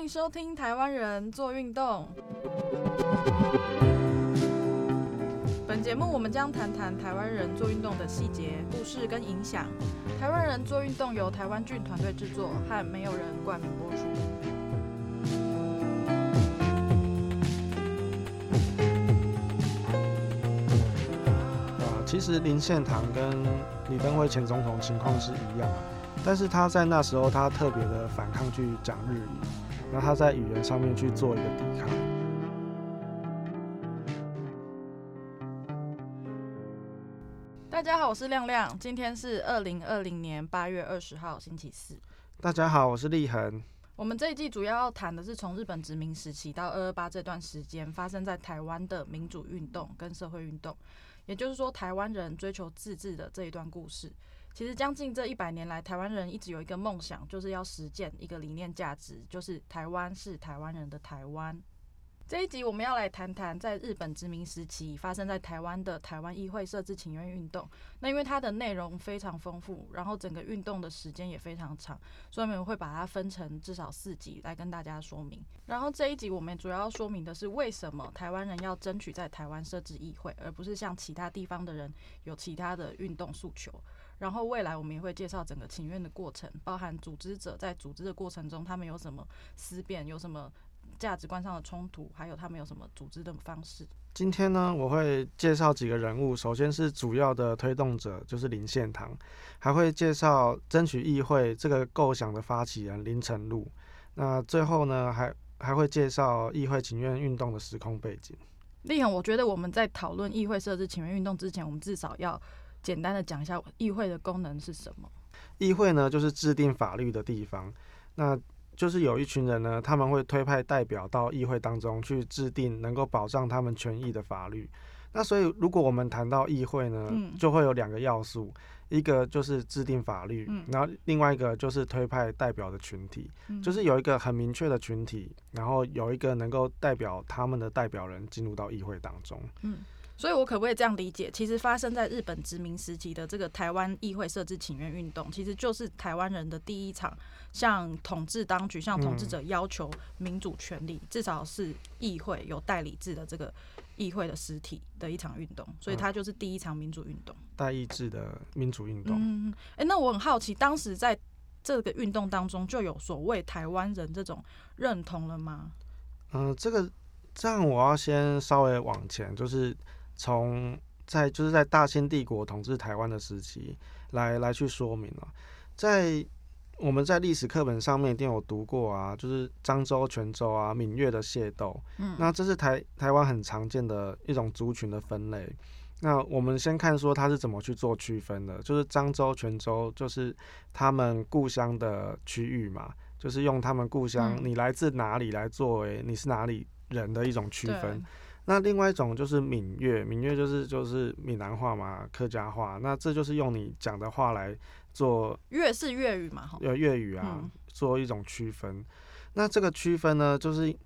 請收聽《台灣人做運動》。本節目我們將談談台灣人做運動的細節、故事跟影響。台灣人做運動由台灣菌團隊制作，和沒有人冠名播出。其實林獻堂跟李登輝前總統情況是一樣，但是他在那時候他特別的反抗去講日語。讓他在語言上面去做一個抵抗。大家好，我是亮亮，今天是二零二零年八月二十號，星期四。大家好，我是立恆。我們這一季主要要談的是從日本殖民時期到二二八這段時間發生在台灣的民主運動跟社會運動，也就是說，台灣人追求自治的這一段故事。其實將近這一百年來，台灣人一直有一個夢想，就是要實踐一個理念價值，就是台灣是台灣人的台灣。這一集我們要來談談，在日本殖民時期發生在台灣的台灣議會設置請願運動。那因為它的內容非常豐富，然後整個運動的時間也非常長，所以我們會把它分成至少四集來跟大家說明。然後這一集我們主要說明的是，為什麼台灣人要爭取在台灣設置議會，而不是像其他地方的人有其他的運動訴求。然後未來我們也會介紹整個請願的過程，包含組織者在組織的過程中他們有什麼思辨，有什麼價值觀上的衝突，還有他們有什麼組織的方式。今天呢，我會介紹幾個人物，首先是主要的推動者，就是林獻堂，還會介紹爭取議會這個構想的發起人林呈祿。那最後呢，還還會介紹議會請願運動的時空背景。立恆，我覺得我們在討論議會設置請願運動之前，我們至少要。簡單的講一下議會的功能是什麼？議會呢，就是制定法律的地方。那就是有一群人呢，他們會推派代表到議會當中去制定能夠保障他們權益的法律。那所以如果我們談到議會呢，嗯、就會有兩個要素，一個就是制定法律，嗯、然後另外一個就是推派代表的群體，嗯、就是有一個很明確的群體，然後有一個能夠代表他們的代表人進入到議會當中。嗯。所以，我可不可以這樣理解？其實發生在日本殖民時期的這個台灣議會設置請願運動，其實就是台灣人的第一場向統治當局、向統治者要求民主權利，嗯、至少是議會有代理制的這個議會的實體的一場運動。所以，它就是第一場民主運動。嗯、代議制的民主運動。嗯，誒、欸，那我很好奇，當時在這個運動當中，就有所謂台灣人這種認同了嗎？嗯，這個這樣，我要先稍微往前，就是。從在就是在大清帝國統治台灣的時期來來去說明啊，在我們在歷史課本上面一定有讀過啊，就是漳州、泉州啊、閩粵的械鬥，嗯，那這是台台灣很常見的一種族群的分類。那我們先看說它是怎麼去做區分的，就是漳州、泉州，就是他們故鄉的區域嘛，就是用他們故鄉你來自哪裡來作為你是哪裡人的一種區分。那另外一種就是閩粵，閩粵就是就是閩南話嘛、客家話。那這就是用你講的話來做粵，是粵語嘛？有粵語啊，做一種區分。那這個區分呢，就是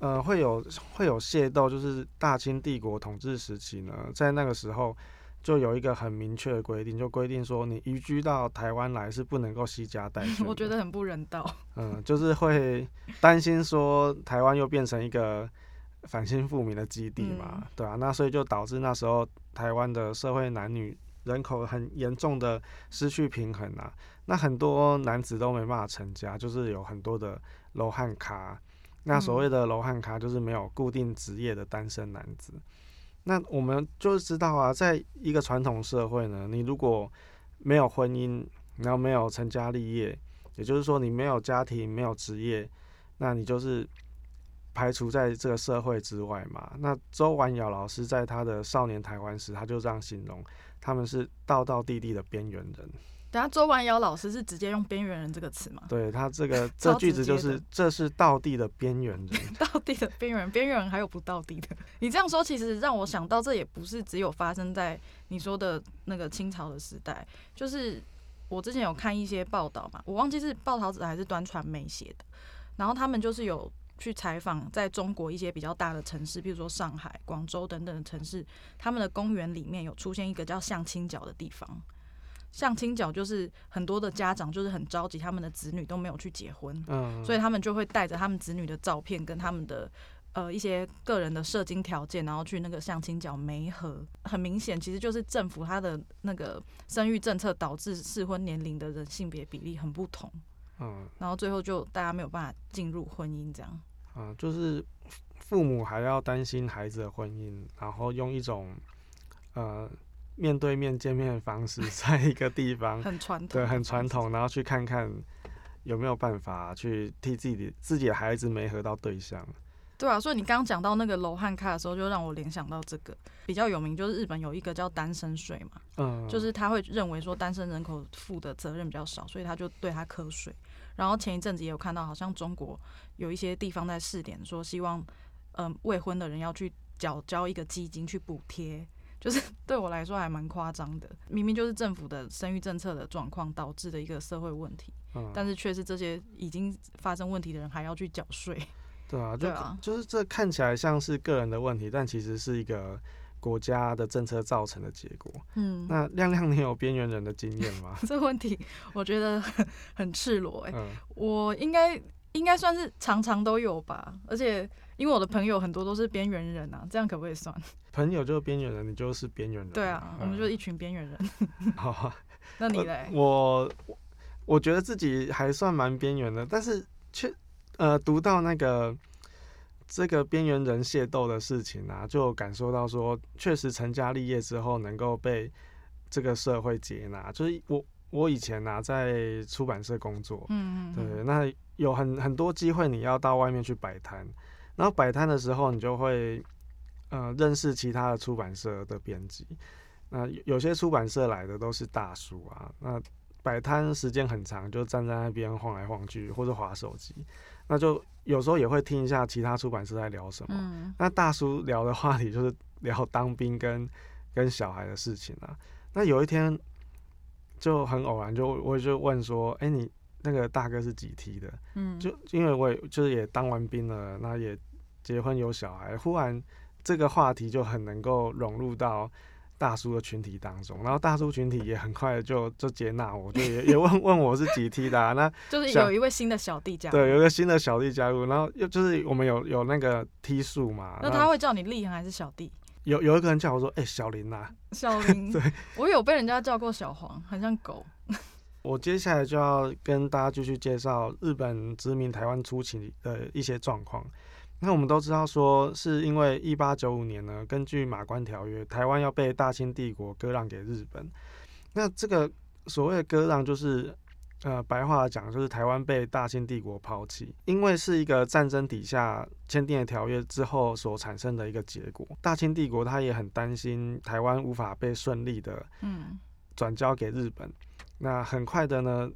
呃，會有會有械鬥，就是大清帝國統治時期呢，在那個時候就有一個很明確的規定，就規定說你移居到台灣來是不能夠攜家帶眷。我覺得很不人道。嗯，就是會擔心說台灣又變成一個。反清復明的基地嘛，嗯、對吧、啊？那所以就導致那時候台灣的社會男女人口很嚴重的失去平衡啊。那很多男子都沒辦法成家，就是有很多的羅漢腳。那所謂的羅漢腳，就是沒有固定職業的單身男子。嗯、那我們就是知道啊，在一個傳統社會呢，你如果沒有婚姻，然後沒有成家立業，也就是說你沒有家庭，沒有職業，那你就是。排除在這個社會之外嘛？那周婉窈老師在他的少年台灣史，他就這樣形容，他們是道道地地的邊緣人。等下，周婉窈老師是直接用“邊緣人”這個詞嗎？對他，這個這句子就是“這是道地的邊緣人，道地的邊緣，邊緣人還有不道地的。 ”你這樣說，其實讓我想到，這也不是只有發生在你說的那個清朝的時代。就是我之前有看一些報道嘛，我忘記是報導者還是端傳媒寫的，然後他們就是有。去採訪，在中國一些比較大的城市，比如說上海、廣州等等的城市，他們的公園裡面，有出現一個叫相親角的地方。相親角就是很多的家長就是很着急，他們的子女都沒有去結婚，嗯，所以他們就會帶着他們子女的照片，跟他們的呃一些個人的社經條件，然後去那個相親角媒合。很明顯，其實就是政府他的那個生育政策導致適婚年齡的人性別比例很不同，嗯，然後最後就大家沒有辦法進入婚姻，這樣。啊、嗯，就是父母還要擔心孩子的婚姻，然後用一種呃面對面見面的方式，在一個地方 很傳統，對，很傳統，然後去看看有沒有辦法去替自己自己的孩子媒合到對象。對啊，所以你剛剛講到那個羅漢腳的時候，就讓我聯想到這個比較有名，就是日本有一個叫單身稅嘛，嗯，就是他會認為說單身人口負的責任比較少，所以他就對他課稅。然後前一陣子也有看到，好像中國有一些地方在試點，說希望，嗯，呃，未婚的人要去繳交一個基金去補貼，就是對我來說還蠻誇張的。明明就是政府的生育政策的狀況導致的一個社會問題，嗯，但是卻是這些已經發生問題的人還要去繳稅。對啊，對啊，就，就是這看起來像是個人的問題，但其實是一個。國家的政策造成的結果。嗯，那亮亮，你有邊緣人的經驗嗎？ 這個問題我覺得很，很赤裸誒、欸，嗯、我應該應該算是常常都有吧，而且因為我的朋友很多都是邊緣人啊，這樣可不可以算？朋友就是邊緣人，你就是邊緣人、啊。對啊，嗯、我們就一群邊緣人。好 那你嘞咧？我我我覺得自己還算蠻邊緣的，但是卻呃讀到那個。這個邊緣人械鬥的事情啊，就感受到說，確實成家立業之後能夠被這個社會接納。就是我我以前吶、啊、在出版社工作，嗯，嗯嗯，對，那有很很多機會你要到外面去擺攤，然後擺攤的時候你就會呃認識其他的出版社的編輯，那有，有些出版社來的都是大叔啊，那。擺攤時間很長，就站在那邊晃來晃去，或者滑手機，那就有時候也會聽一下其他出版社在聊什麼。嗯、那大叔聊的話題就是聊當兵跟跟小孩的事情啊。那有一天就很偶然就，就我就問說：“哎、欸，你那個大哥是幾梯的？”嗯，就因為我也就是也當完兵了，那也結婚有小孩，忽然這個話題就很能夠融入到。大叔的群體當中，然後大叔群體也很快就就接納我，就也也問 問我是幾梯的，啊，那就是有一位新的小弟加入，對，有一個新的小弟加入，然後又就是我們有有那個梯數嘛，那他會叫你立恆還是小弟？有有一個人叫我說，哎、欸，小林吶，啊，小林， 對，我有被人家叫過小黃，很像狗。 我接下來就要跟大家繼續介紹日本殖民台灣初期的一些狀況。那我們都知道，說是因為一八九五年呢，根據《馬關條約》，台灣要被大清帝國割讓給日本。那這個所謂的割讓，就是呃，白話講就是台灣被大清帝國拋棄，因為是一個戰爭底下簽訂的條約之後所產生的一個結果。大清帝國他也很擔心台灣無法被順利的嗯轉交給日本。那很快的呢。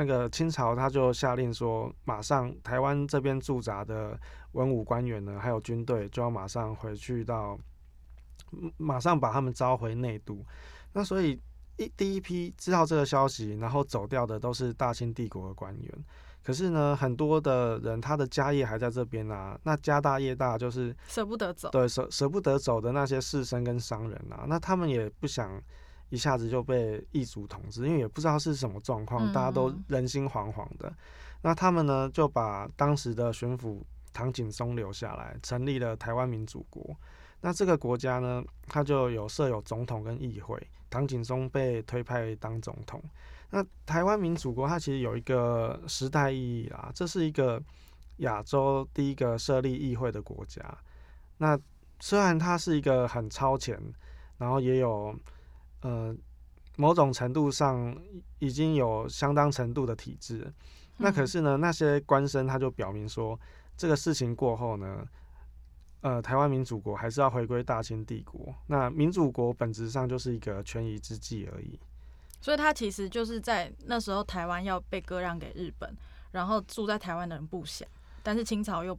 那個清朝他就下令說，馬上台灣這邊駐紮的文武官員呢，還有軍隊，就要馬上回去到，馬上把他們召回內都。那所以一第一批知道這個消息，然後走掉的都是大清帝國的官員。可是呢，很多的人他的家業還在這邊啊，那家大業大就是舍不得走，對，舍舍不得走的那些士紳跟商人啊，那他們也不想。一下子就被異族統治，因為也不知道是什麼狀況，大家都人心惶惶的。嗯。那他們呢，就把當時的巡撫唐景崧留下來，成立了台灣民主國。那這個國家呢，它就有設有總統跟議會，唐景崧被推派當總統。那台灣民主國它其實有一個時代意義啦，這是一個亞洲第一個設立議會的國家。那雖然它是一個很超前，然後也有。呃，某種程度上已經有相當程度的體制，嗯。那可是呢，那些官紳他就表明說，這個事情過後呢，呃，台灣民主國還是要回歸大清帝國。那民主國本質上就是一個權宜之計而已，所以他其實就是在那時候台灣要被割讓給日本，然後住在台灣的人不想，但是清朝又。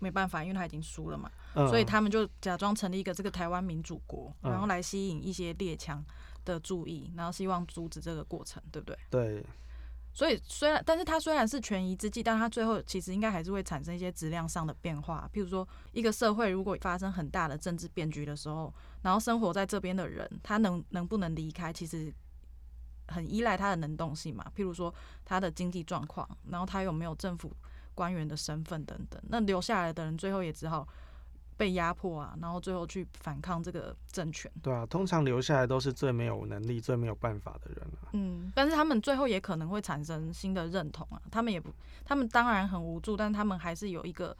沒辦法，因為他已經輸了嘛，嗯、所以他們就假裝成立一個這個台灣民主國，嗯、然後來吸引一些列強的注意，然後希望阻止這個過程，對不對？對。所以雖然，但是他雖然是權宜之計，但他最後其實應該還是會產生一些質量上的變化。譬如說，一個社會如果發生很大的政治變局的時候，然後生活在這邊的人，他能能不能離開，其實很依賴他的能動性嘛。譬如說他的經濟狀況，然後他有沒有政府，官員的身份等等，那留下來的人最後也只好被壓迫啊，然後最後去反抗這個政權。對啊，通常留下來都是最沒有能力、最沒有辦法的人啊。嗯，但是他們最後也可能會產生新的認同啊。他們也不，他們當然很無助，但他們還是有一個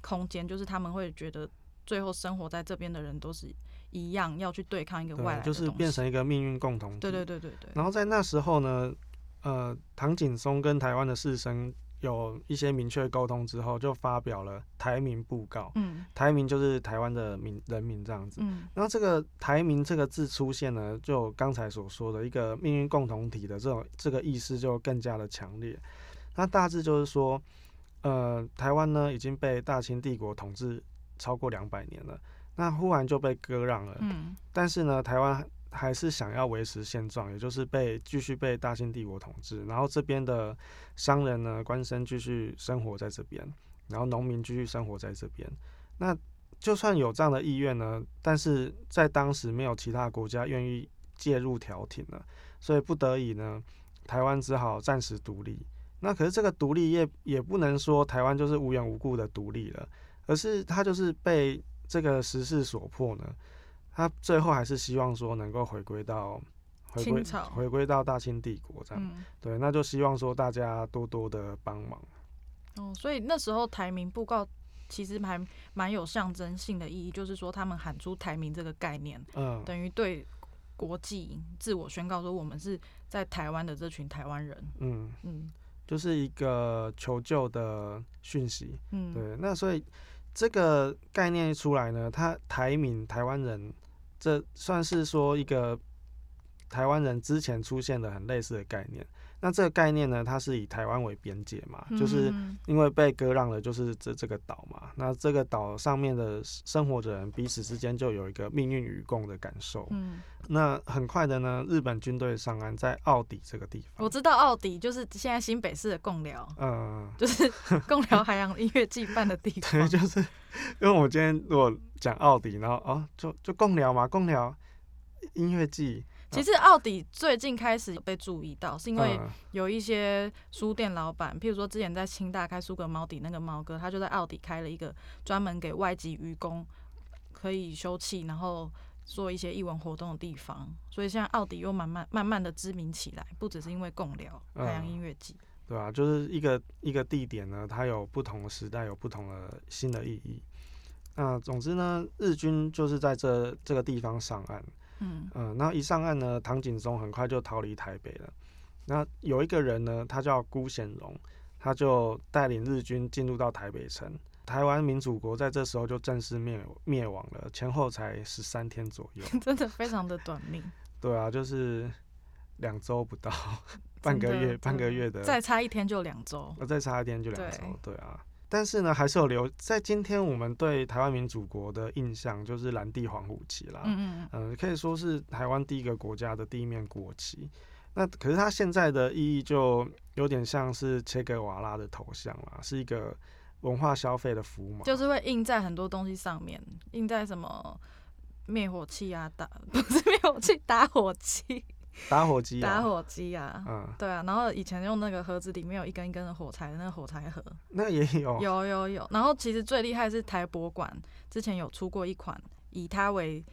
空間，就是他們會覺得最後生活在這邊的人都是一樣，要去對抗一個外來的，就是變成一個命運共同體。對對對對對。然後在那時候呢，呃，唐景崧跟台灣的士紳。有一些明確溝通之後，就發表了台民布告。嗯，台民就是台灣的民人民這樣子。那、嗯、這個台民這個字出現呢，就剛才所說的一個命運共同體的這種這個意思就更加的強烈。那大致就是說，呃，台灣呢已經被大清帝國統治超過兩百年了，那忽然就被割讓了。嗯、但是呢，台灣。還是想要維持現狀，也就是被繼續被大清帝國統治。然後這邊的商人呢、官紳繼續生活在這邊，然後農民繼續生活在這邊。那就算有這樣的意願呢，但是在當時沒有其他國家願意介入調停了，所以不得已呢，台灣只好暫時獨立。那可是這個獨立也也不能說台灣就是無緣無故的獨立了，而是它就是被這個時勢所迫呢。他最後還是希望說能夠回歸到回歸回歸到大清帝國這樣，清朝 對，那就希望說大家多多的幫忙。哦、嗯，所以那時候台民布告其實還蠻有象徵性的意義，就是說他們喊出台民這個概念，嗯，等於對國際自我宣告說我們是在台灣的這群台灣人，嗯嗯，就是一個求救的訊息，嗯，對，那所以。這個概念一出來呢，他台民台灣人，這算是說一個台灣人之前出現的很類似的概念。那這個概念呢，它是以台灣為邊界嘛，嗯、哼就是因為被割讓了，就是這這個島嘛。那這個島上面的生活的人彼此之間就有一個命運與共的感受。嗯、那很快的呢，日本軍隊上岸在澳底這個地方。我知道澳底就是現在新北市的貢寮。嗯，就是貢寮海洋音樂祭辦的地方。 就是因為我今天如果講澳底，然後哦，就就貢寮嘛，貢寮音樂祭。其實澳底最近開始有被注意到，是因為有一些書店老板，嗯、譬如說之前在清大開蘇格貓底那個貓哥，他就在澳底開了一個專門給外籍漁工可以休憩，然後做一些藝文活動的地方。所以現在澳底又慢慢慢慢的知名起來，不只是因為貢寮海洋音樂祭、嗯，對吧、啊？就是一個一個地點呢，它有不同的時代有不同的新的意義。那、嗯、總之呢，日軍就是在這這個地方上岸。嗯，那一上岸呢，唐景崧很快就逃離台北了。那有一個人呢，他叫辜顯榮，他就帶領日軍進入到台北城。台灣民主國在這時候就正式滅滅亡了，前後才十三天左右，真的非常的短命。對啊，就是兩周不到，半個月，半個月的再、呃，再差一天就兩周，再差一天就兩周，對啊。但是呢，還是有留在今天我們對台灣民主國的印象，就是藍地黃虎旗啦，嗯嗯、呃、可以說是台灣第一個國家的第一面國旗。那可是它現在的意義就有點像是切格瓦拉的頭像啦，是一個文化消費的符碼，就是會印在很多東西上面，印在什麼滅火器啊打，不是滅火器，打火器。 打火機，哦，打火機啊，嗯，對啊，然後以前用那個盒子，裡面有一根一根的火柴，那個火柴盒。那也有，有有有，然後其實最厲害是台博館之前有出過一款以它為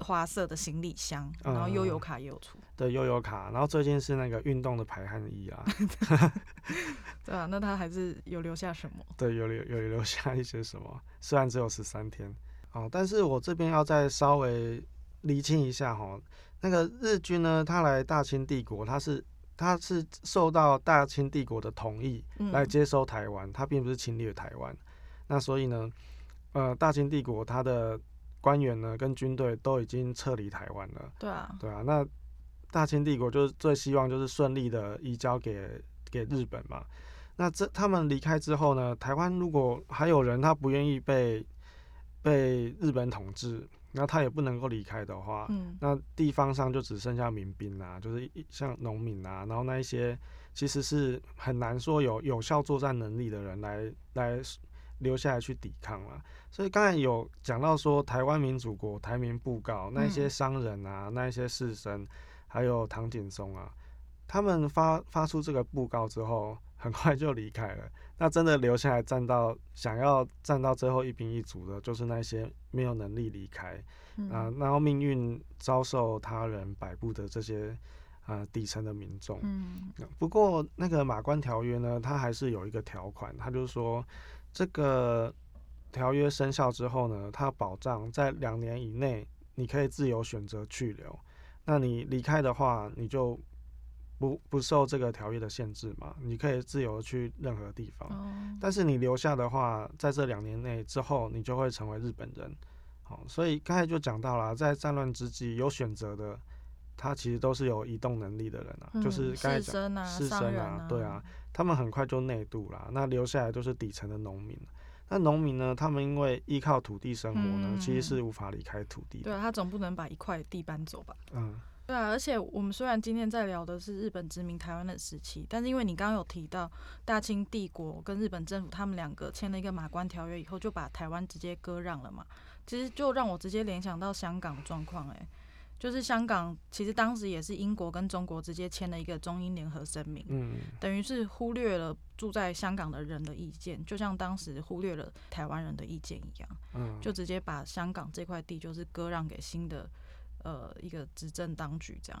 花色的行李箱，然後悠遊卡也有出，嗯、對，悠遊卡，然後最近是那個運動的排汗衣啊， 對啊，那他還是有留下什麼？對，有留有留下一些什麼？雖然只有十三天啊，但是我這邊要再稍微釐清一下哈。那個日軍呢，他來大清帝國，他是他是受到大清帝國的同意來接收台灣，嗯、他並不是侵略台灣。那所以呢，呃，大清帝國他的官員呢跟軍隊都已經撤離台灣了。對啊，對啊。那大清帝國就是最希望就是順利的移交給給日本嘛。那這他們離開之後呢，台灣如果還有人他不願意被被日本統治。那他也不能夠離開的話，嗯，那地方上就只剩下民兵啊，就是一像農民啊，然後那一些其實是很難說有有效作戰能力的人來來留下來去抵抗了。所以剛才有講到說，台灣民主國台民布告，那一些商人啊，嗯、那一些士紳，還有唐景崧啊，他們發發出這個布告之後，很快就離開了。那真的留下來站到想要站到最後一兵一卒的，就是那些沒有能力離開、嗯、啊，然後命運遭受他人擺布的這些啊、呃、底層的民眾。嗯、啊，不過那個馬關條約呢，它還是有一個條款，它就是說這個條約生效之後呢，它保障在兩年以內你可以自由選擇去留。那你離開的話，你就。不不受這個條約的限制嘛，你可以自由去任何地方，哦、但是你留下的話，在這兩年內之後，你就會成為日本人。好、哦，所以剛才就講到啦，在戰亂之際有選擇的，他其實都是有移動能力的人啊，嗯、就是士紳啊，士紳啊，啊對啊，他們很快就內渡啦。那留下來都是底層的農民。那農民呢？他們因為依靠土地生活呢，嗯、其實是無法離開土地的。對啊，他總不能把一塊地搬走吧？嗯。對啊，而且我們雖然今天在聊的是日本殖民台灣的時期，但是因為你剛剛有提到大清帝國跟日本政府他們兩個簽了一個馬關條約以後就把台灣直接割讓了嘛，其實就讓我直接聯想到香港狀況、欸，哎，就是香港其實當時也是英國跟中國直接簽了一個中英聯合聲明，嗯，等於是忽略了住在香港的人的意見，就像當時忽略了台灣人的意見一樣，就直接把香港這塊地就是割讓給新的。呃，一個執政當局這樣，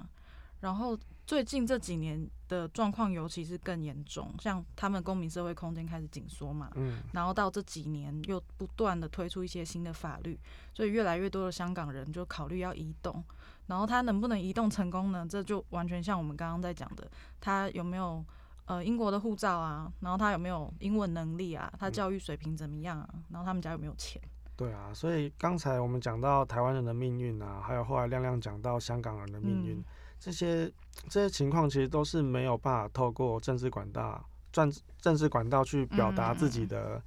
然後最近這幾年的狀況，尤其是更嚴重，像他們公民社會空間開始緊縮嘛，嗯，然後到這幾年又不斷地推出一些新的法律，所以越來越多的香港人就考慮要移動，然後他能不能移動成功呢？這就完全像我們剛剛在講的，他有沒有呃英國的護照啊，然後他有沒有英文能力啊，他教育水平怎麼樣啊？然後他們家有沒有錢？對啊，所以剛才我們講到台灣人的命運啊，還有後來亮亮講到香港人的命運，嗯、這些這些情況其實都是沒有辦法透過政治管道、政政治管道去表達自己的嗯嗯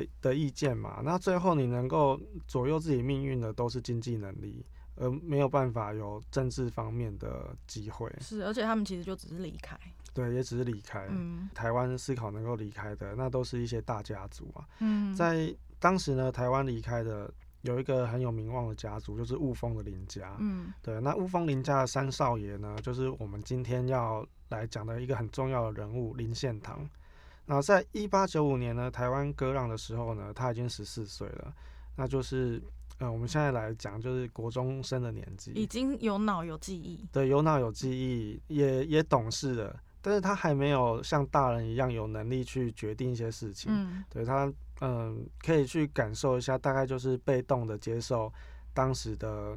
的的意見嘛。那最後你能夠左右自己命運的都是經濟能力，而沒有辦法有政治方面的機會。是，而且他們其實就只是離開，對，也只是離開。嗯、台灣思考能夠離開的，那都是一些大家族啊。嗯、在。當時呢，台灣離開的有一個很有名望的家族，就是霧峰的林家。嗯，對。那霧峰林家的三少爺呢，就是我們今天要來講的一個很重要的人物林獻堂。那在一八九五年呢，台灣割讓的時候呢，他已經十四歲了。那就是，呃，我們現在來講，就是國中生的年紀，已經有腦有記憶，對，有腦有記憶，也也懂事了。但是他還沒有像大人一樣有能力去決定一些事情。嗯，對他。嗯，可以去感受一下，大概就是被動的接受當時的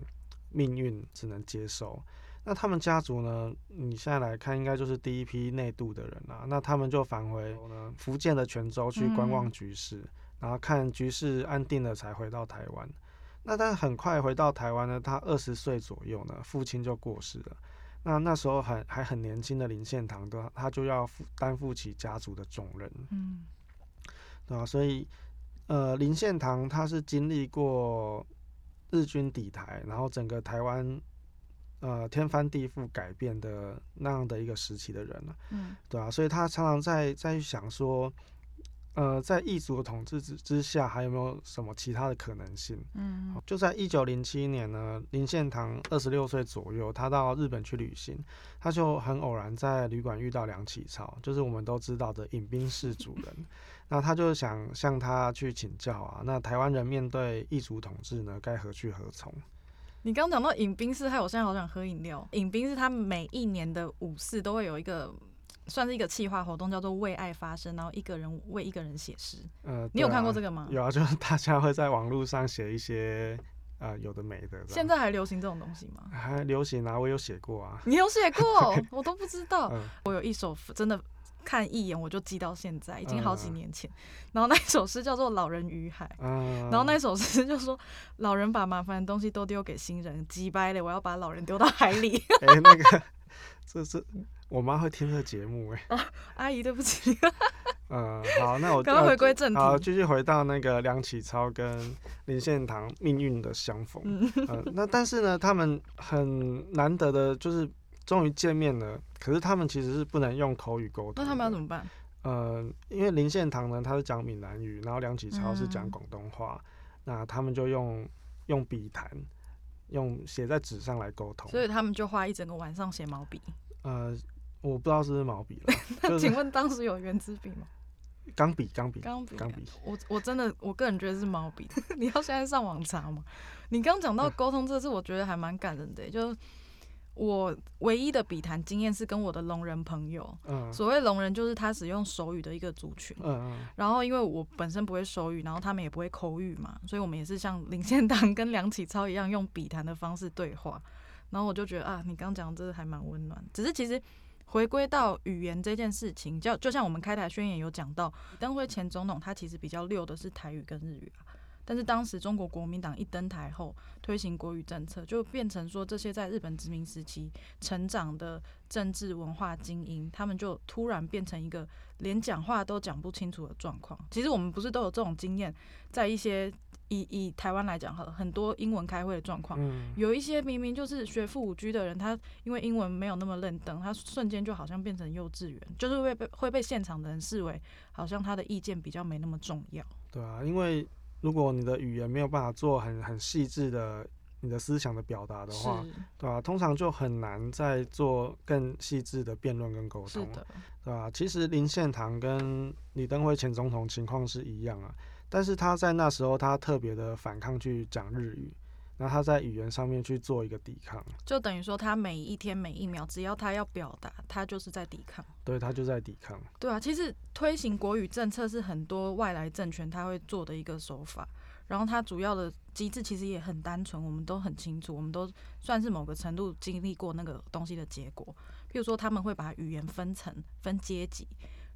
命運，只能接受。那他們家族呢，你現在來看，應該就是第一批內渡的人啊。那他們就返回福建的泉州去觀望局勢，嗯、然後看局勢安定了才回到台灣。那但很快回到台灣呢，他二十歲左右呢，父親就過世了。那那時候很還很年輕的林獻堂，的他就要擔負起家族的重任。嗯。對啊，所以，呃，林獻堂他是經歷過日軍抵台，然後整個台灣呃天翻地覆改變的那樣的一個時期的人了。嗯、對啊，所以他常常在在想說，呃，在異族的統治之之下，還有沒有什麼其他的可能性？嗯，就在一九零七年呢，林獻堂二十六歲左右，他到日本去旅行，他就很偶然在旅館遇到梁啟超，就是我們都知道的飲冰室主人。 那他就是想向他去請教啊。那台灣人面對異族統治呢，該何去何從？你剛講到飲冰室，害我現在好想喝飲料。飲冰室他每一年的五四都會有一個，算是一個企劃活動，叫做為愛發聲，然後一個人為一個人寫詩。呃、你有看過這個嗎？有啊，就是大家會在網絡上寫一些呃有的沒的。現在還流行這種東西嗎？還流行啊，我有寫過啊。你有寫過？ 對 我都不知道。呃、我有一首真的。看一眼我就記到現在，已經好幾年前。嗯、然後那首詩叫做《老人與海》，嗯、然後那首詩就說：“老人把麻煩的東西都丟給新人，擊敗了，我要把老人丟到海裡。”哎，那個， 這這，我媽會聽這個節目哎、啊。阿姨，對不起。 嗯，好，那我。趕快回歸正題、呃好，繼續回到那個梁啟超跟林獻堂命運的相逢。嗯、 呃，那但是呢，他們很難得的就是。終於見面了，可是他們其實是不能用口語溝通。那他們要怎麼辦？呃，因為林獻堂呢，他是講閩南語，然後梁啟超是講廣東話，嗯，那他們就用用筆談，用寫在紙上來溝通。所以他們就花一整個晚上寫毛筆。呃，我不知道是不是毛筆了。請問當時有原子筆嗎？鋼筆，鋼筆，鋼筆啊。鋼筆。我我真的，我個人覺得是毛筆。 你要現在上網查嗎？你剛講到溝通，這次我覺得還蠻感人的，就。我唯一的筆談經驗是跟我的聾人朋友，嗯，所謂聾人就是他使用手語的一個族群，嗯，嗯，然後因為我本身不會手語，然後他們也不會口語嘛，所以我們也是像林獻堂跟梁啟超一樣用筆談的方式對話，然後我就覺得啊，你剛剛講的這個還蠻溫暖，只是其實回歸到語言這件事情，就就像我們《開臺宣言》有講到，登輝前總統他其實比較溜的是台語跟日語啊。但是當時中國國民黨一登台後推行國語政策，就變成說這些在日本殖民時期成長的政治文化精英，他們就突然變成一個連講話都講不清楚的狀況。其實我們不是都有這種經驗，在一些以以台灣來講，很很多英文開會的狀況，嗯、有一些明明就是學富五車的人，他因為英文沒有那麼認登，他瞬間就好像變成幼稚園，就是會被會被現場的人視為好像他的意見比較沒那麼重要。對啊，因為。如果你的語言沒有辦法做很很細緻的你的思想的表達的話，是對吧、啊？通常就很難再做更細緻的辯論跟溝通，是的對吧、啊？其實林獻堂跟李登輝前總統情況是一樣啊，但是他在那時候他特別的反抗去講日語。那他在語言上面去做一個抵抗，就等於說他每一天每一秒，只要他要表達，他就是在抵抗。對，他就在抵抗。對啊，其實推行國語政策是很多外來政權他會做的一個手法，然後它主要的機制其實也很單純，我們都很清楚，我們都算是某個程度經歷過那個東西的結果。譬如說他們會把語言分層、分階級，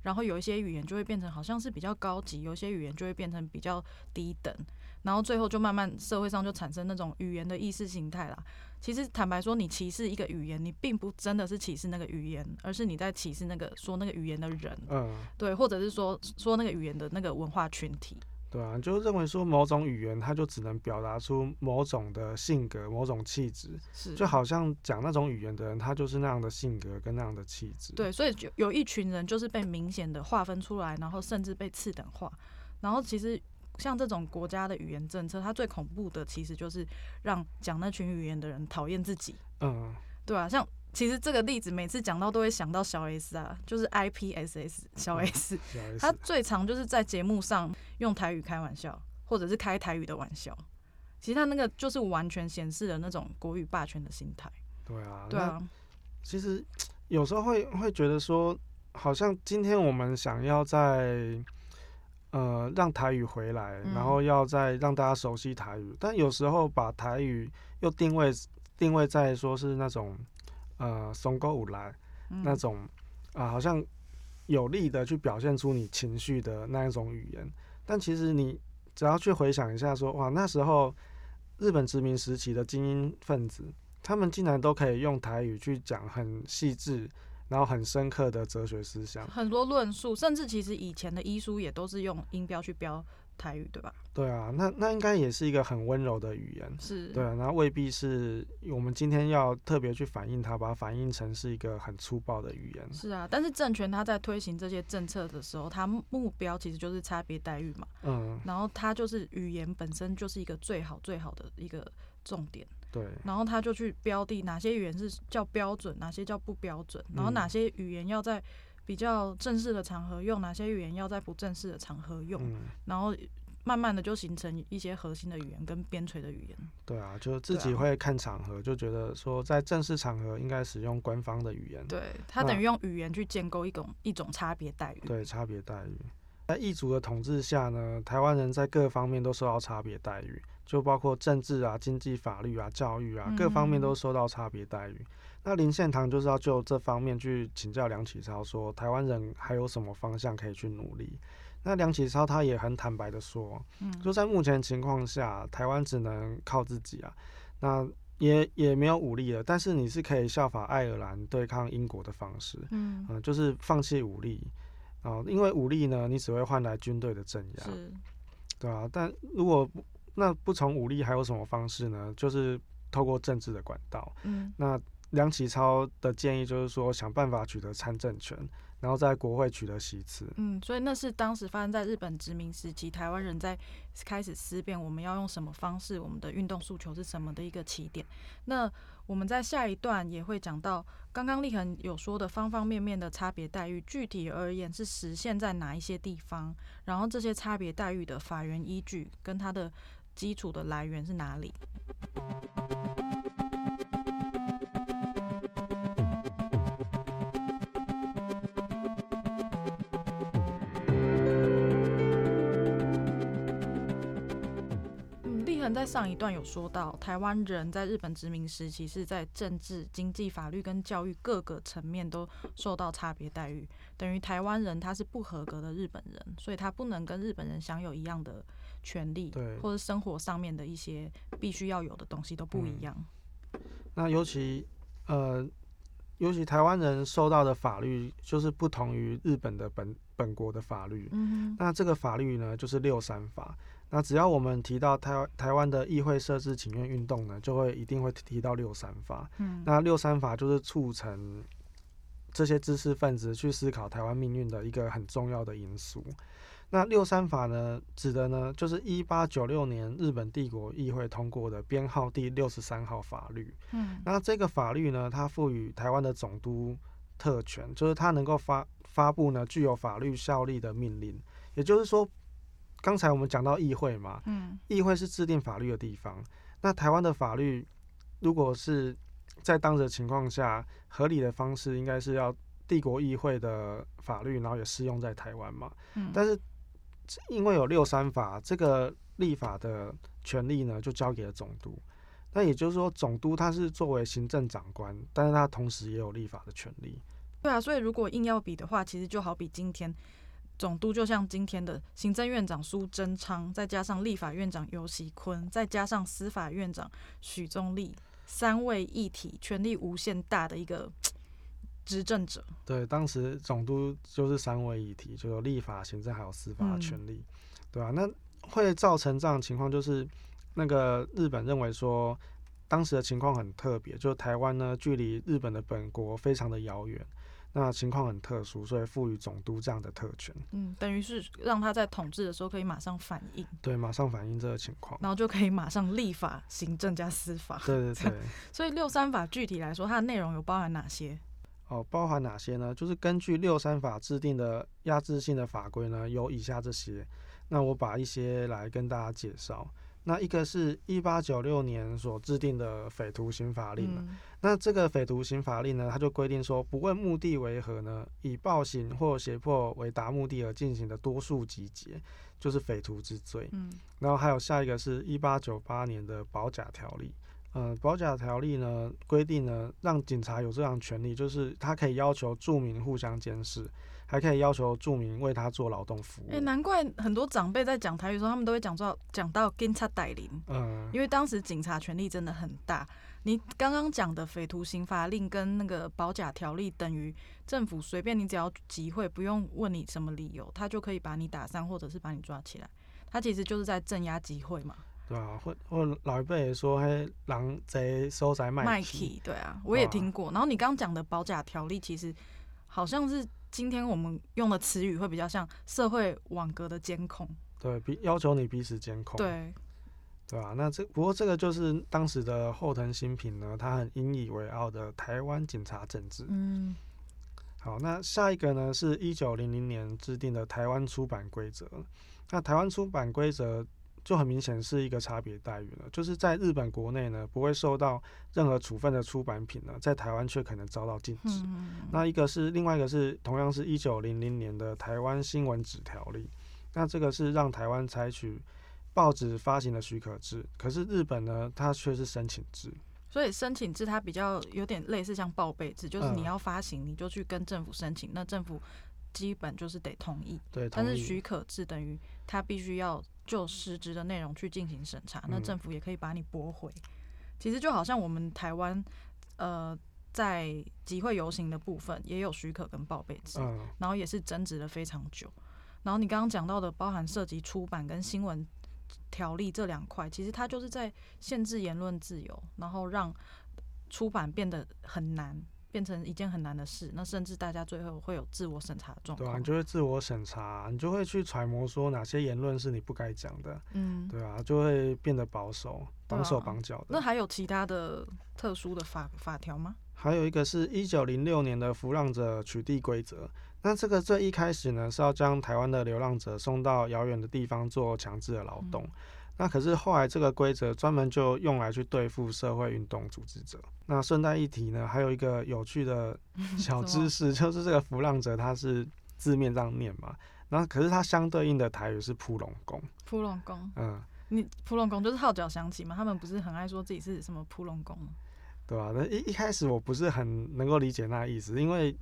然後有一些語言就會變成好像是比較高級，有一些語言就會變成比較低等。然後最後就慢慢社會上就產生那種語言的意識形態啦。其實坦白說，你歧視一個語言，你並不真的是歧視那個語言，而是你在歧視那個說那個語言的人。嗯，對，或者是說說那個語言的那個文化群體。對啊，就認為說某種語言，它就只能表達出某種的性格、某種氣質，是就好像講那種語言的人，他就是那樣的性格跟那樣的氣質。對，所以就有一群人就是被明顯的劃分出來，然後甚至被次等化，然後其實。像這種國家的語言政策，它最恐怖的其實就是讓講那群語言的人討厭自己。嗯，對啊，像其實這個例子，每次講到都會想到小 S 啊，就是 IPSS 小 S，、嗯、小 S。小 S 他最常就是在節目上用台語開玩笑，或者是開台語的玩笑。其實他那個就是完全顯示了那種國語霸權的心態。對啊，對啊。其實有時候會會覺得說，好像今天我們想要在。呃，讓台語回來，然後要再讓大家熟悉台語。嗯、但有時候把台語又定位定位在說是那種呃，松歌舞來、嗯、那種啊、呃，好像有力的去表現出你情緒的那一種語言。但其實你只要去回想一下說，說哇，那時候日本殖民時期的精英分子，他們竟然都可以用台語去講很細緻。然後很深刻的哲學思想，很多論述，甚至其實以前的醫書也都是用音標去標台語，對吧？對啊，那那應該也是一個很溫柔的語言，是，對啊，那未必是我們今天要特別去反映它，把它反映成是一個很粗暴的語言。是啊，但是政權它在推行這些政策的時候，它目標其實就是差別待遇嘛，嗯，然後它就是語言本身就是一個最好最好的一個重點。對，然後他就去標的哪些語言是叫標準，哪些叫不標準，然後哪些語言要在比較正式的場合用，哪些語言要在不正式的場合用，嗯，然後慢慢的就形成一些核心的語言跟邊陲的語言。對啊，就自己會看場合，就覺得說在正式場合應該使用官方的語言。對，他等於用語言去建構一種一種差別待遇。對，差別待遇。在異族的統治下呢，台灣人在各方面都受到差別待遇。就包括政治啊、經濟、法律啊、教育啊，各方面都受到差別待遇。嗯、那林獻堂就是要就這方面去請教梁啟超，說台灣人還有什麼方向可以去努力？那梁啟超他也很坦白的說，嗯、就在目前情況下，台灣只能靠自己啊。那也也沒有武力了，但是你是可以效仿愛爾蘭對抗英國的方式，嗯，嗯，就是放棄武力啊，因為武力呢，你只會換來軍隊的鎮壓，是對啊，但如果。那不從武力還有什麼方式呢？就是透過政治的管道。嗯，那梁啟超的建議就是說，想辦法取得參政權，然後在國會取得席次。嗯，所以那是當時發生在日本殖民時期，台灣人在開始思辨我們要用什麼方式，我們的運動訴求是什麼的一個起點。那我們在下一段也會講到，剛剛立恆有說的方方面面的差別待遇，具體而言是實現在哪一些地方，然後這些差別待遇的法源依據跟他的基礎的來源是哪裡？嗯，立恆在上一段有說到，台灣人在日本殖民時期是在政治、經濟、法律跟教育各個層面都受到差別待遇，等於台灣人他是不合格的日本人，所以他不能跟日本人享有一樣的權利對或者生活上面的一些必須要有的東西都不一樣。嗯、那尤其，呃，尤其台灣人受到的法律就是不同於日本的本本國的法律。嗯哼。那這個法律呢，就是六三法。那只要我們提到台台灣的議會設置請願運動呢，就會一定會提到六三法。嗯。那六三法就是促成這些知識分子去思考台灣命運的一個很重要的因素。那六三法呢，指的呢就是一八九六年日本帝國議會通過的編號第六十三號法律。嗯，那這個法律呢，它賦予台灣的總督特權，就是它能夠發發布呢具有法律效力的命令。也就是說，剛才我們講到議會嘛，嗯，議會是制定法律的地方。那台灣的法律，如果是在當時的情況下合理的方式，應該是要帝國議會的法律，然後也適用在台灣嘛。嗯，但是。因為有六三法，這個立法的權利呢，就交給了總督。那也就是說，總督他是作為行政長官，但是他同時也有立法的權利。對啊，所以如果硬要比的話，其實就好比今天，總督就像今天的行政院長蘇貞昌，再加上立法院長游錫堃，再加上司法院長許宗力，三位一體，權力無限大的一個。執政者，對，當時總督就是三位一體，就有立法、行政還有司法的權利。嗯、對啊，那會造成這樣的情況，就是那個日本認為說，當時的情況很特別，就台灣呢距離日本的本國非常的遙遠，那情況很特殊，所以賦予總督這樣的特權。嗯，等於是讓他在統治的時候可以馬上反應，對，馬上反應這個情況，然後就可以馬上立法、行政加司法。對對對。 所以六三法具體來說，它的內容有包含哪些？哦，包含哪些呢？就是根據六三法制定的壓制性的法規呢，有以下這些。那我把一些來跟大家介紹。那一個是一八九六年所制定的匪徒刑罰令、啊，嗯、那這個匪徒刑罰令呢，它就規定說，不問目的為何呢，以暴行或脅迫為達目的而進行的多數集結，就是匪徒之罪。嗯、然後還有下一個是一八九八年的保甲條例。嗯，保甲條例呢規定呢，讓警察有這樣權利，就是他可以要求住民互相監視，還可以要求住民為他做勞動服務。誒、欸，難怪很多長輩在講台語的時候，他們都會講到講到警察帶領嗯。因為當時警察權力真的很大。你剛剛講的匪徒刑罰令跟那個保甲條例，等於政府隨便你只要集會，不用問你什麼理由，他就可以把你打傷或者是把你抓起來。他其實就是在鎮壓集會嘛。對啊，或或老一輩也說，嘿，狼賊收賊賣。麥基，對啊，我也聽過。哇然後你剛剛講的保甲條例，其實好像是今天我們用的詞語會比較像社會網格的監控。對，比要求你彼此監控。對，對啊。那這不過這個就是當時的後藤新平呢，他很引以為傲的台灣警察政治。嗯。好，那下一個呢是一九零零年制定的台灣出版規則。那台灣出版規則。就很明顯是一個差別待遇了，就是在日本國內呢，不會受到任何處分的出版品呢，在台灣卻可能遭到禁止。嗯嗯嗯。那一個是，另外一個是，同樣是一九零零年的《台灣新聞紙條例》，那這個是讓台灣採取報紙發行的許可制，可是日本呢，它卻是申請制。所以申請制它比較有點類似像報備制，就是你要發行，你就去跟政府申請，嗯、那政府基本就是得同意。對，但是許可制等於它必須要。就實質的內容去進行審查，那政府也可以把你駁回。嗯、其實就好像我們台灣，呃，在集會遊行的部分也有許可跟報備制，嗯、然後也是爭執了非常久。然後你剛剛講到的，包含涉及出版跟新聞條例這兩塊，其實它就是在限制言論自由，然後讓出版變得很難。變成一件很難的事，那甚至大家最後會有自我審查的狀況。對啊，你就會自我審查，你就會去揣摩說哪些言論是你不該講的。嗯，對啊，就會變得保守，綁手綁腳的。對啊。那還有其他的特殊的法法條嗎？還有一個是一九零六年的浮浪者取締規則。那這個最一開始呢，是要將台灣的流浪者送到遙遠的地方做強制的勞動。嗯那可是後來這個規則專門就用來去對付社會運動組織者。那順帶一提呢，還有一個有趣的小知識， 什麼？就是這個“浮浪者”它是字面這樣唸嘛，然後可是它相對應的台語是普隆公。普隆公。普隆公，嗯，你普隆公就是號角響起嘛，他們不是很愛說自己是什麼普隆公對吧、啊？那一一開始我不是很能夠理解那意思，因為。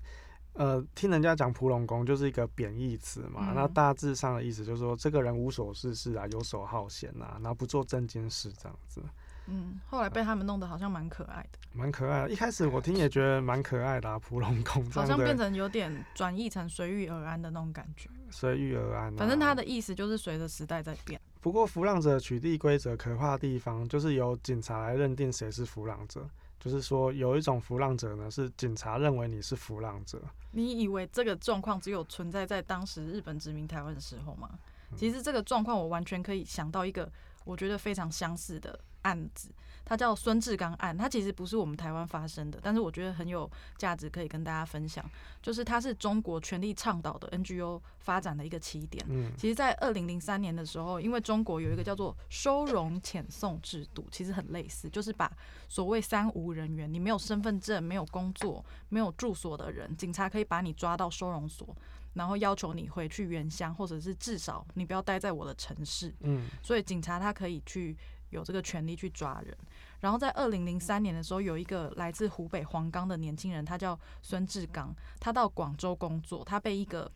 呃，聽人家講“蒲龍公”就是一個貶義詞嘛，嗯、那大致上的意思就是說這個人無所事事啊，遊手好閒啊，然後不做正經事這樣子。嗯，後來被他們弄得好像蠻可愛的。蠻、嗯、可愛的，一開始我聽也覺得蠻可愛的、啊“蒲龍公”，好像變成有點轉移成隨遇而安的那種感覺。隨遇而安、啊嗯，反正他的意思就是隨着時代在變。不過，浮浪者取締規則可怕的地方就是由警察來認定誰是浮浪者。就是說，有一種浮浪者呢，是警察認為你是浮浪者。你以為這個狀況只有存在在當時日本殖民台灣的時候嗎？其實這個狀況，我完全可以想到一個，我覺得非常相似的。案子，它叫孫志剛案，它其實不是我們台灣發生的，但是我覺得很有價值可以跟大家分享，就是它是中國權力倡導的 NGO 發展的一個起點。嗯，其實，在二零零三年的時候，因為中國有一個叫做收容遣送制度，其實很類似，就是把所謂三無人員——你沒有身份證、沒有工作、沒有住所的人，警察可以把你抓到收容所，然後要求你回去原鄉，或者是至少你不要待在我的城市。嗯，所以警察他可以去。有這個權利去抓人。然後在二零零三年的時候，有一個來自湖北黃岡的年輕人，他叫孫志剛，他到廣州工作，他被一個，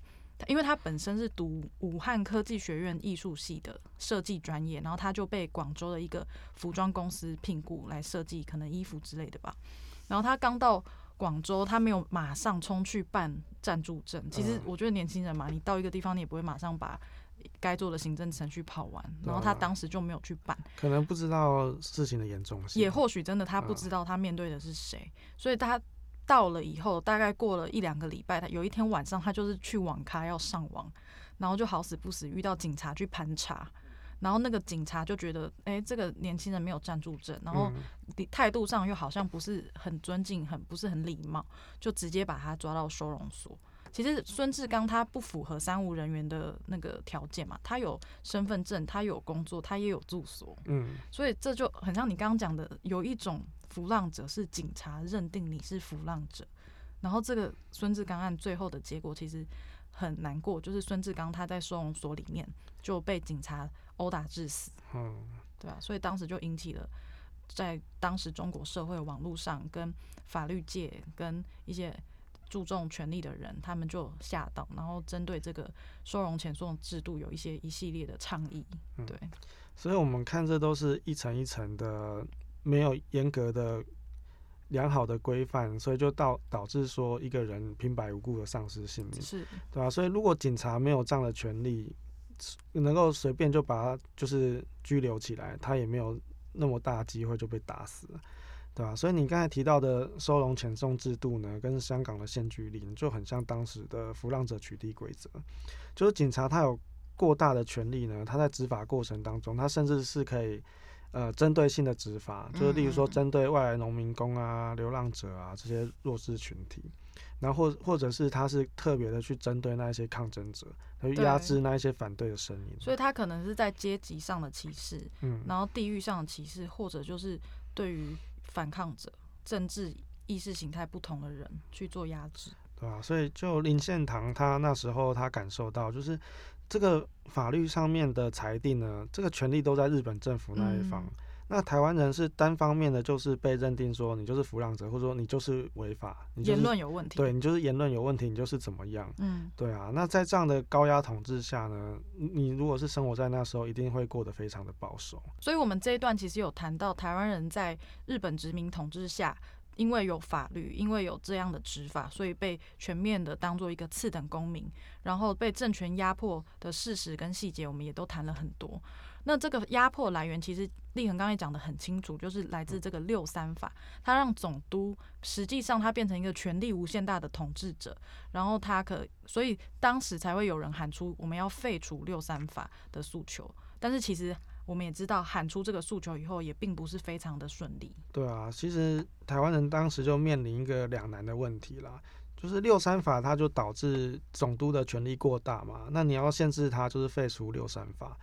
因為他本身是讀武漢科技學院藝術系的設計專業，然後他就被廣州的一個服裝公司聘雇來設計可能衣服之類的吧。然後他剛到廣州，他沒有馬上衝去辦暫住證。其實我覺得年輕人嘛，你到一個地方，你也不會馬上把。該做的行政程序跑完，然後他當時就沒有去辦，可能不知道事情的嚴重性，也或許真的他不知道他面對的是誰，嗯、所以他到了以後，大概過了一兩個禮拜，他有一天晚上他就是去網咖要上網，然後就好死不死遇到警察去盤查，然後那個警察就覺得，誒、欸，這個年輕人沒有暫住證，然後態度上又好像不是很尊敬，很不是很禮貌，就直接把他抓到收容所。其實孫志剛他不符合三無人員的那個條件嘛，他有身份證，他有工作，他也有住所，嗯，所以這就很像你剛剛講的，有一種浮浪者是警察認定你是浮浪者，然後這個孫志剛案最後的結果其實很難過，就是孫志剛他在收容所裡面就被警察毆打致死，嗯，對啊，所以當時就引起了在當時中國社會網絡上跟法律界跟一些。注重權利的人，他們就下到，然後針對這個收容遣送制度，有一些一系列的倡議，對。嗯、所以，我們看這都是一層一層的，沒有嚴格的、良好的規範，所以就到導致說一個人平白無故的喪失性命，是，對、啊、所以，如果警察沒有這樣的權利，能夠隨便就把他就是拘留起來，他也沒有那麼大機會就被打死。對吧、啊？所以你剛才提到的收容遣送制度呢，跟香港的限聚令就很像，當時的浮浪者取締規則，就是警察他有過大的權力呢，他在執法過程當中，他甚至是可以呃針對性的執法，就是例如說針對外來農民工啊、流浪者啊這些弱勢群體，然後或者是他是特別的去針對那一些抗爭者，去壓制那一些反對的聲音。所以他可能是在階級上的歧視，嗯，然後地域上的歧視，或者就是對於。反抗者、政治意識形態不同的人去做壓制，對吧、啊？所以就林獻堂他那時候他感受到，就是這個法律上面的裁定呢，這個權力都在日本政府那一方。嗯那台灣人是單方面的，就是被認定說你就是浮浪者，或者說你就是違法，你就是、言論有問題，對你就是言論有問題，你就是怎麼樣？嗯，對啊，那在這樣的高壓統治下呢，你如果是生活在那時候，一定會過得非常的保守。所以我們這一段其實有談到台灣人在日本殖民統治下，因為有法律，因為有這樣的執法，所以被全面的當做一個次等公民，然後被政權壓迫的事實跟細節，我們也都談了很多。那這個壓迫來源，其實，立恆剛才講得很清楚，就是來自這個六三法。他讓總督實際上，他變成一個權力無限大的統治者，然後他可，所以當時才會有人喊出我們要廢除六三法的訴求。但是其實我們也知道，喊出這個訴求以後，也並不是非常的順利。對啊，其實台灣人當時就面臨一個兩難的問題啦，就是六三法它就導致總督的權力過大嘛，那你要限制他，就是廢除六三法。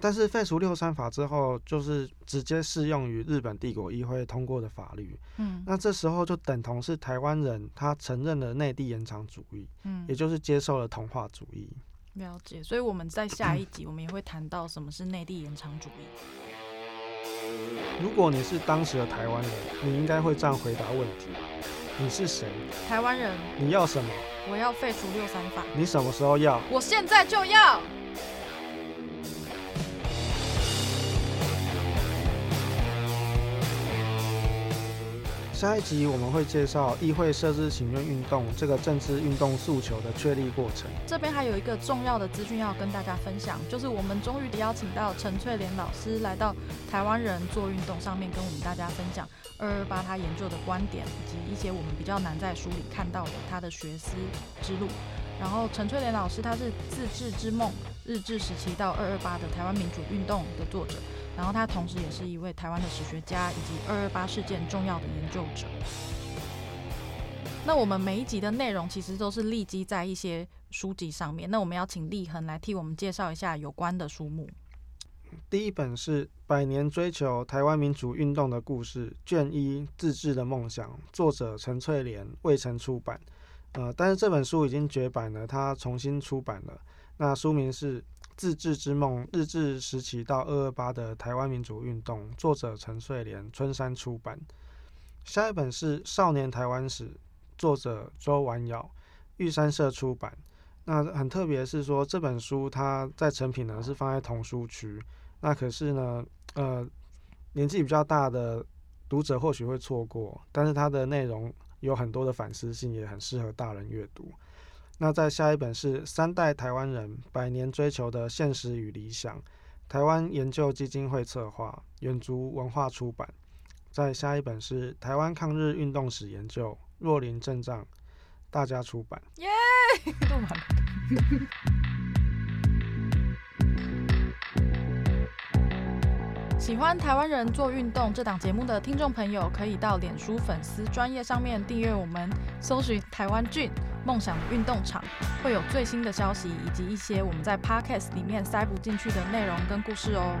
但是廢除六三法之後，就是直接適用於日本帝國議會通過的法律。嗯，那這時候就等同是台灣人他承認了內地延長主義，嗯，也就是接受了同化主義。了解。所以我們在下一集我們也會談到什麼是內地延長主義。如果你是當時的台灣人，你應該會這樣回答問題：你是誰？台灣人。你要什麼？我要廢除六三法。你什麼時候要？我現在就要。下一集我們會介紹議會設置請願運動這個政治運動訴求的確立過程。這邊還有一個重要的資訊要跟大家分享，就是我們終於邀請到陳翠蓮老師來到台灣人做運動上面，跟我們大家分享二二八他研究的觀點，以及一些我們比較難在書裡看到的他的學思之路。然後陳翠蓮老師他是《自治之夢：日治時期到二二八的台灣民主運動》的作者。然後他同時也是一位台灣的史學家，以及二二八事件重要的研究者。那我們每一集的內容其實都是立基在一些書籍上面。那我們要請立恆來替我們介紹一下有關的書目。第一本是《百年追求台灣民主運動的故事》，卷一《自治的夢想》，作者陳翠蓮，衛城出版。呃，但是這本書已經絕版了，它重新出版了。那書名是。自治之夢：日治時期到二二八的台灣民主運動，作者陳翠蓮，春山出版。下一本是《少年台灣史》，作者周婉窈，玉山社出版。那很特別是說，這本書它在誠品呢是放在童書區，那可是呢，呃，年紀比較大的讀者或許會錯過，但是它的內容有很多的反思性，也很適合大人閱讀。那再下一本是《三代台灣人百年追求的現實與理想》，台灣研究基金會策劃，遠足文化出版。再下一本是《台灣抗日運動史研究》，若林正丈，大家出版。耶！Yeah! 喜歡台灣人做運動這檔節目的聽眾朋友，可以到臉書粉絲專頁上面訂閱我們搜尋，搜尋“台灣菌”夢想的運動場會有最新的消息，以及一些我們在 Podcast 裡面塞不進去的內容跟故事哦。